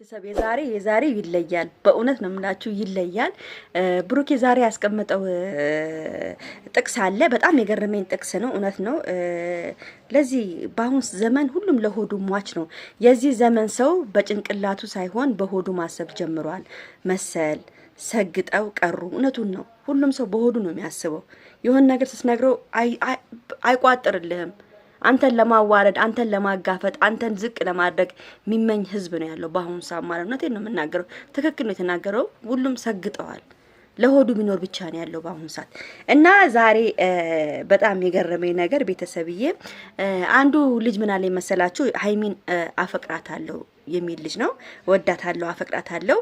ቤተሰብ የዛሬ የዛሬ ይለያል። በእውነት ነው የምላችሁ ይለያል። ብሩክ የዛሬ ያስቀመጠው ጥቅስ አለ። በጣም የገረመኝ ጥቅስ ነው። እውነት ነው። ለዚህ በአሁን ዘመን ሁሉም ለሆዱ ሟች ነው። የዚህ ዘመን ሰው በጭንቅላቱ ሳይሆን በሆዱ ማሰብ ጀምሯል መሰል ሰግጠው ቀሩ። እውነቱን ነው። ሁሉም ሰው በሆዱ ነው የሚያስበው። የሆነ ነገር ስትነግረው አይቋጥርልህም አንተን ለማዋረድ አንተን ለማጋፈጥ አንተን ዝቅ ለማድረግ የሚመኝ ህዝብ ነው ያለው በአሁኑ ሰዓት ማለት ነው። ነው የምናገረው። ትክክል ነው የተናገረው። ሁሉም ሰግጠዋል። ለሆዱ ሚኖር ብቻ ነው ያለው በአሁኑ ሰዓት። እና ዛሬ በጣም የገረመኝ ነገር ቤተሰብዬ፣ አንዱ ልጅ ምን አለኝ መሰላችሁ? ሀይሚን አፈቅራታለሁ የሚል ልጅ ነው። ወዳታለሁ፣ አፈቅራታለሁ፣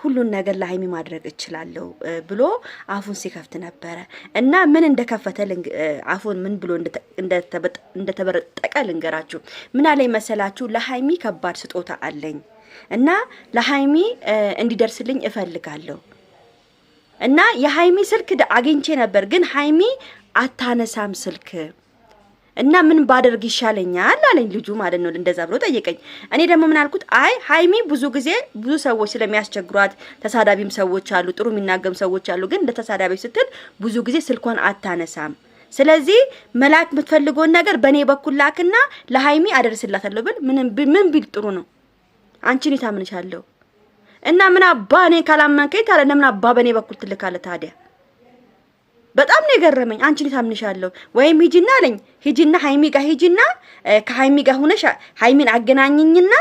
ሁሉን ነገር ለሀይሚ ማድረግ እችላለሁ ብሎ አፉን ሲከፍት ነበረ እና ምን እንደከፈተ አፉን ምን ብሎ እንደተበረጠቀ ልንገራችሁ። ምን አለኝ መሰላችሁ? ለሀይሚ ከባድ ስጦታ አለኝ እና ለሀይሚ እንዲደርስልኝ እፈልጋለሁ እና የሀይሚ ስልክ አግኝቼ ነበር፣ ግን ሀይሚ አታነሳም ስልክ እና ምን ባደርግ ይሻለኛል አለኝ ልጁ ማለት ነው። እንደዛ ብሎ ጠየቀኝ። እኔ ደግሞ ምን አልኩት? አይ ሀይሚ ብዙ ጊዜ ብዙ ሰዎች ስለሚያስቸግሯት ተሳዳቢም ሰዎች አሉ፣ ጥሩ የሚናገም ሰዎች አሉ። ግን ለተሳዳቢ ስትል ብዙ ጊዜ ስልኳን አታነሳም። ስለዚህ መላክ የምትፈልገውን ነገር በእኔ በኩል ላክና ለሀይሚ አደርስላታለሁ ብል ምን ቢል ጥሩ ነው? አንቺን ታምንሻለሁ እና ምን አባ እኔ ካላመንከኝ ታለ ለምን አባ በእኔ በኩል ትልካለ ታዲያ በጣም ነው የገረመኝ። አንቺን ታምንሻለሁ ወይም ሂጂና አለኝ። ሂጂና ሀይሚ ጋር ሂጂና ከሀይሚ ጋር ሆነሽ ሀይሚን አገናኝኝና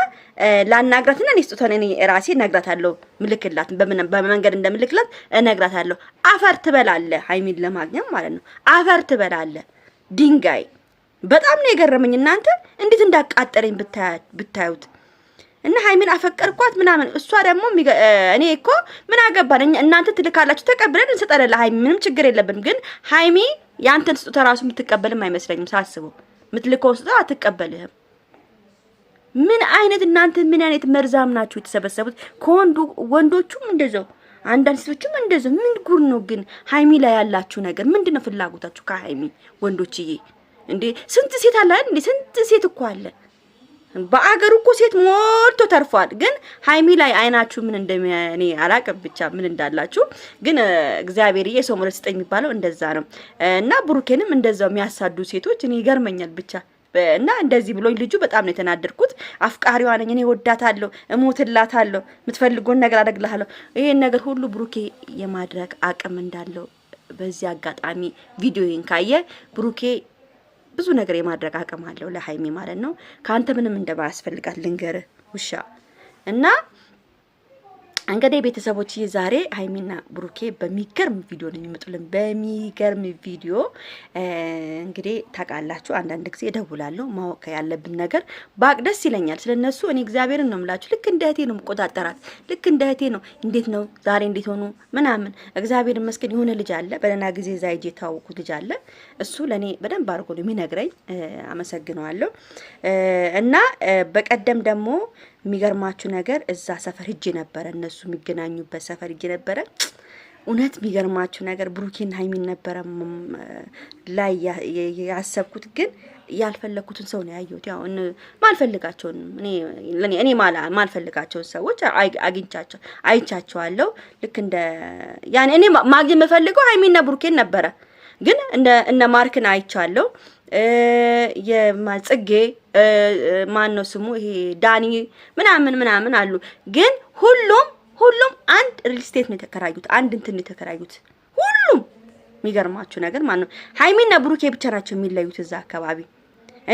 ላናግራትና እኔ ስጦታን እኔ ራሴ እነግራታለሁ። ምልክላት በመንገድ እንደምልክላት እነግራታለሁ። አፈር ትበላለ፣ ሀይሚን ለማግኘት ማለት ነው። አፈር ትበላለ። ድንጋይ። በጣም ነው የገረመኝ። እናንተ እንዴት እንዳቃጠረኝ ብታዩት እና ሀይሚን አፈቀርኳት ምናምን። እሷ ደግሞ እኔ እኮ ምን አገባን እናንተ ትልካላችሁ ተቀብለን እንሰጠን ለሀይሚ ምንም ችግር የለብንም። ግን ሀይሚ የአንተን ስጦታ ራሱ የምትቀበልም አይመስለኝም ሳስበው። የምትልከውን ስጦታ አትቀበልህም። ምን አይነት እናንተ ምን አይነት መርዛም ናችሁ የተሰበሰቡት? ከወንዱ ወንዶቹም እንደዛው አንዳንድ ሴቶችም እንደዛው። ምን ጉር ነው ግን ሀይሚ ላይ ያላችሁ ነገር ምንድን ነው? ፍላጎታችሁ ከሀይሚ ወንዶችዬ? እንዴ ስንት ሴት አለ እንዴ! ስንት ሴት እኮ አለ በአገሩ እኮ ሴት ሞልቶ ተርፏል። ግን ሀይሚ ላይ አይናችሁ ምን እንደ እኔ አላቅም፣ ብቻ ምን እንዳላችሁ ግን እግዚአብሔርዬ ሰው ምረት ስጠኝ የሚባለው እንደዛ ነው። እና ብሩኬንም እንደዛው የሚያሳዱ ሴቶች እኔ ይገርመኛል ብቻ እና እንደዚህ ብሎኝ ልጁ በጣም ነው የተናደድኩት። አፍቃሪዋ ነኝ እኔ ወዳታለሁ፣ እሞትላታለሁ፣ የምትፈልገውን ነገር አደርግልሃለሁ። ይሄን ነገር ሁሉ ብሩኬ የማድረግ አቅም እንዳለው በዚህ አጋጣሚ ቪዲዮን ካየ ብሩኬ ብዙ ነገር የማድረግ አቅም አለው ለሀይሚ ማለት ነው። ከአንተ ምንም እንደማያስፈልጋት ልንገርህ ውሻ እና እንግዲህ ቤተሰቦች ዛሬ ሀይሚና ብሩኬ በሚገርም ቪዲዮ ነው የሚመጡልን። በሚገርም ቪዲዮ እንግዲህ ታውቃላችሁ፣ አንዳንድ ጊዜ እደውላለሁ። ማወቅ ያለብን ነገር ባቅ ደስ ይለኛል ስለ እነሱ። እኔ እግዚአብሔርን ነው የምላችሁ፣ ልክ እንደ እህቴ ነው የምቆጣጠራት። ልክ እንደ እህቴ ነው። እንዴት ነው ዛሬ እንዴት ሆኑ ምናምን። እግዚአብሔር ይመስገን የሆነ ልጅ አለ፣ በደህና ጊዜ እዛ ሂጅ የተዋወቅኩት ልጅ አለ። እሱ ለእኔ በደንብ አድርጎ ነው የሚነግረኝ። አመሰግነዋለሁ እና በቀደም ደግሞ የሚገርማችሁ ነገር እዛ ሰፈር ሂጅ ነበረ፣ እነሱ የሚገናኙበት ሰፈር ሂጅ ነበረ። እውነት የሚገርማችሁ ነገር ብሩኬን ሀይሚን ነበረ ላይ ያሰብኩት፣ ግን ያልፈለግኩትን ሰው ነው ያየሁት። ያው ማልፈልጋቸውን እኔ ማልፈልጋቸውን ሰዎች አግኝቻቸው አይቻቸዋለሁ። ልክ እንደ ያኔ እኔ ማግኘት የምፈልገው ሀይሚና ብሩኬን ነበረ፣ ግን እንደ እነ ማርክን አይቻለሁ። የማጽጌ ማን ነው ስሙ ይሄ ዳኒ ምናምን ምናምን አሉ። ግን ሁሉም ሁሉም አንድ ሪል ስቴት ነው የተከራዩት፣ አንድ እንትን ነው የተከራዩት። ሁሉም የሚገርማችሁ ነገር ማን ነው ሀይሚና ብሩኬ ብቻ ናቸው የሚለዩት እዛ አካባቢ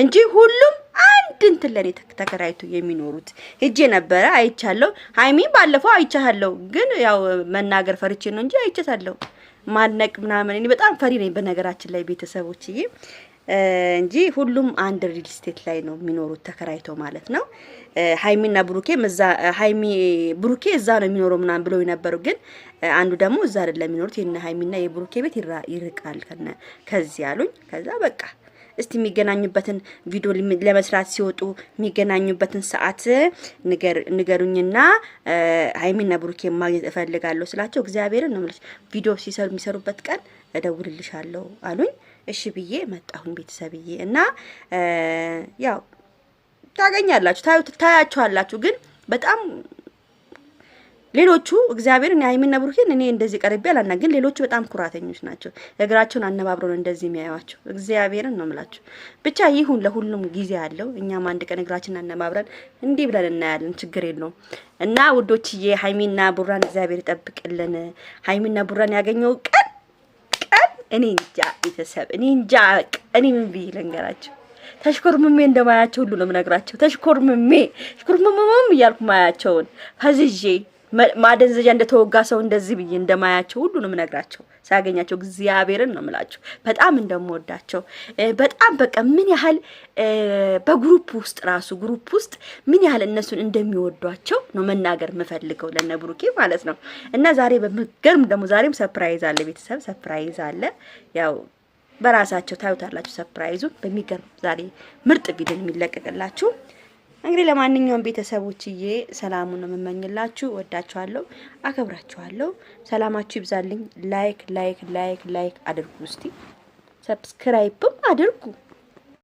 እንጂ ሁሉም አንድ እንትን ለኔ ተከራይቶ የሚኖሩት ሄጄ ነበረ አይቻለሁ። ሀይሚ ባለፈው አይቻለሁ፣ ግን ያው መናገር ፈርቼ ነው እንጂ አይቻታለሁ። ማነቅ ምናምን እኔ በጣም ፈሪ ነኝ በነገራችን ላይ ቤተሰቦችዬ እንጂ ሁሉም አንድ ሪል ስቴት ላይ ነው የሚኖሩት ተከራይቶ ማለት ነው። ሀይሚና ብሩኬ እዛ ሀይሚ ብሩኬ እዛ ነው የሚኖረው ምናምን ብለው የነበሩ ግን አንዱ ደግሞ እዛ አይደለም የሚኖሩት የነ ሀይሚና የብሩኬ ቤት ይርቃል ከዚህ አሉኝ። ከዛ በቃ እስቲ የሚገናኙበትን ቪዲዮ ለመስራት ሲወጡ የሚገናኙበትን ሰዓት ንገሩኝና ሀይሚና ብሩኬ ማግኘት እፈልጋለሁ ስላቸው እግዚአብሔርን ነው የምልሽ ቪዲዮ ሲሰሩ የሚሰሩበት ቀን እደውልልሻለሁ አሉኝ። እሺ ብዬ መጣሁኝ ቤተሰብዬ። እና ያው ታገኛላችሁ፣ ታያችኋላችሁ። ግን በጣም ሌሎቹ እግዚአብሔርን ሃይሚና ብሩኬን እኔ እንደዚህ ቀርቤ አላና፣ ግን ሌሎቹ በጣም ኩራተኞች ናቸው። እግራቸውን አነባብረው እንደዚህ የሚያዩዋቸው እግዚአብሔርን ነው የምላቸው። ብቻ ይሁን ለሁሉም ጊዜ አለው። እኛም አንድ ቀን እግራችን አነባብረን እንዲህ ብለን እናያለን። ችግር የለውም እና ውዶችዬ፣ ሃይሚና ቡራን እግዚአብሔር ይጠብቅልን። ሃይሚና ቡራን ያገኘው ቀን እኔ እንጃ ቤተሰብ፣ እኔ እንጃ እኔ ምን ብዬ ልንገራቸው? ተሽኮርምሜ እንደማያቸው ሁሉ ነው የምነግራቸው። ተሽኮርምሜ ሽኮርምምም እያልኩ ማያቸውን ፈዝዤ ማደንዘዣ እንደተወጋ ሰው እንደዚህ ብዬ እንደማያቸው ሁሉንም ነግራቸው ሳያገኛቸው እግዚአብሔርን ነው ምላቸው። በጣም እንደምወዳቸው በጣም በቃ ምን ያህል በግሩፕ ውስጥ ራሱ ግሩፕ ውስጥ ምን ያህል እነሱን እንደሚወዷቸው ነው መናገር የምፈልገው ለነ ብሩኬ ማለት ነው። እና ዛሬ በምገርም ደግሞ ዛሬም ሰፕራይዝ አለ፣ ቤተሰብ ሰፕራይዝ አለ። ያው በራሳቸው ታዩታላችሁ ሰፕራይዙ በሚገርም ዛሬ ምርጥ ቪዲዮ የሚለቀቅላችሁ እንግዲህ ለማንኛውም ቤተሰቦችዬ ሰላሙን የምመኝላችሁ፣ ወዳችኋለሁ፣ አከብራችኋለሁ። ሰላማችሁ ይብዛልኝ። ላይክ ላይክ ላይክ ላይክ አድርጉ እስቲ፣ ሰብስክራይብም አድርጉ።